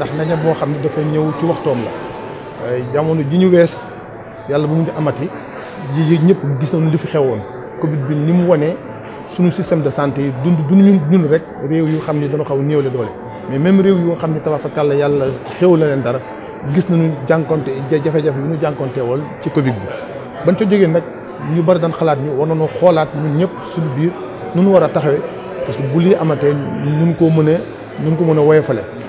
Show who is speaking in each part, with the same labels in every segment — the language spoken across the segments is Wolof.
Speaker 1: ndax ndaje boo xam ne dafa ñëw ci waxtoom la jamono ji ñu wees yàlla bu mu ngi amati ji ñëpp gis nañu li fi xewoon Covid bi ni mu wanee suñu système de santé yi dund dund ñun dund rek réew yu xam ne dana xaw néewle doole mais même réew yoo xam ne tabaxakàlla yàlla xew la leen dara gis nañu jànkonte jafe-jafe yu ñu jànkonte woon ci Covid bi ban ca jógee nag ñu bari daan xalaat ñu war nañoo xoolaat ñun ñëpp suñu biir nu ñu war a taxawee parce bu lii amatee nun ko mën a ko mën a woyofale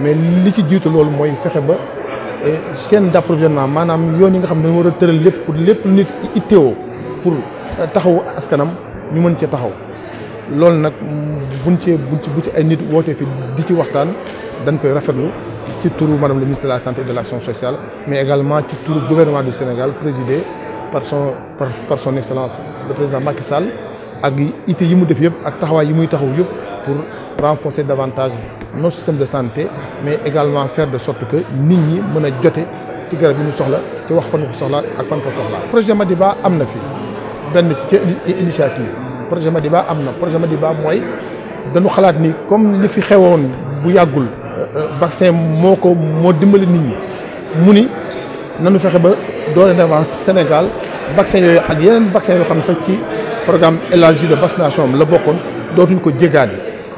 Speaker 1: mais li ci jiitu loolu mooy fexe ba eh, chaîne d'approvisionnement maanaam yoon yi nga xam ne dañu war a pour lépp lu nit itteewoo pour eh, taxaw askanam ñu mën ci taxaw lolou nak buñ cee buñ ci bu ci ay nit wootee fi di ci waxtaan dañ koy rafetlu ci turu madame le ministre de la santé et de l'action sociale mais également ci turu gouvernement du Sénégal présidé par son par par son excellence le président Macky Sall ak ité yi mu def yëpp ak taxawaay yi muy taxaw yëpp pour renforcer davantage notre système de santé mais également faire de sorte que nit ñi mën a jote ci garab yi ñu soxla ci wax fan ko soxla ak fan soxla projet Madiba am na fi benn initiative projet Madiba am projet Madiba mooy dañu xalaat ni comme li fi xewoon bu euh, euh, vaccin moko ko moo dimbali nit ñi mu ni nanu ba Sénégal vaccin yooyu ak yeneen vaccin yoo xam ci programme élargi de vaccination le bokkoon dootuñ ko jégaani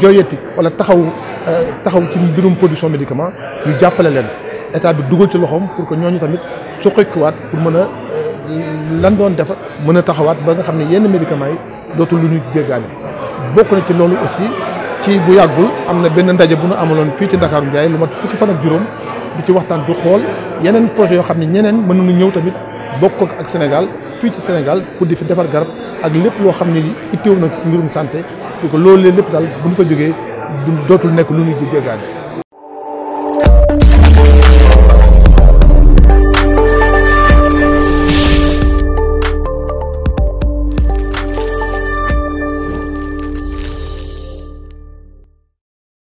Speaker 1: joyeeti wala taxaw taxaw ci mbirum production médicament ñu jàppale len état bi dugal ci loxom pour que ñoñu tamit wat pour mëna lan doon def mëna taxawat ba nga xamné yeen médicament yi dotul luñu ñu bokku na ci lolu aussi ci bu yagul amna na benn ndaje bu nu amalon fi ci Ndakaaru Ndiaye lu mat fukki fan ak juróom di ci waxtaan du xol yeneen projet yo xamné ne ñeneen mën nañu ñëw tamit bokku ak Sénégal fi ci Sénégal pour di fi defar garab ak lépp lo xamné ne itteewu na mbirum santé ko loolu lépp daal bu ñu fa jógee du dootul nekk lu ñuy jéggaane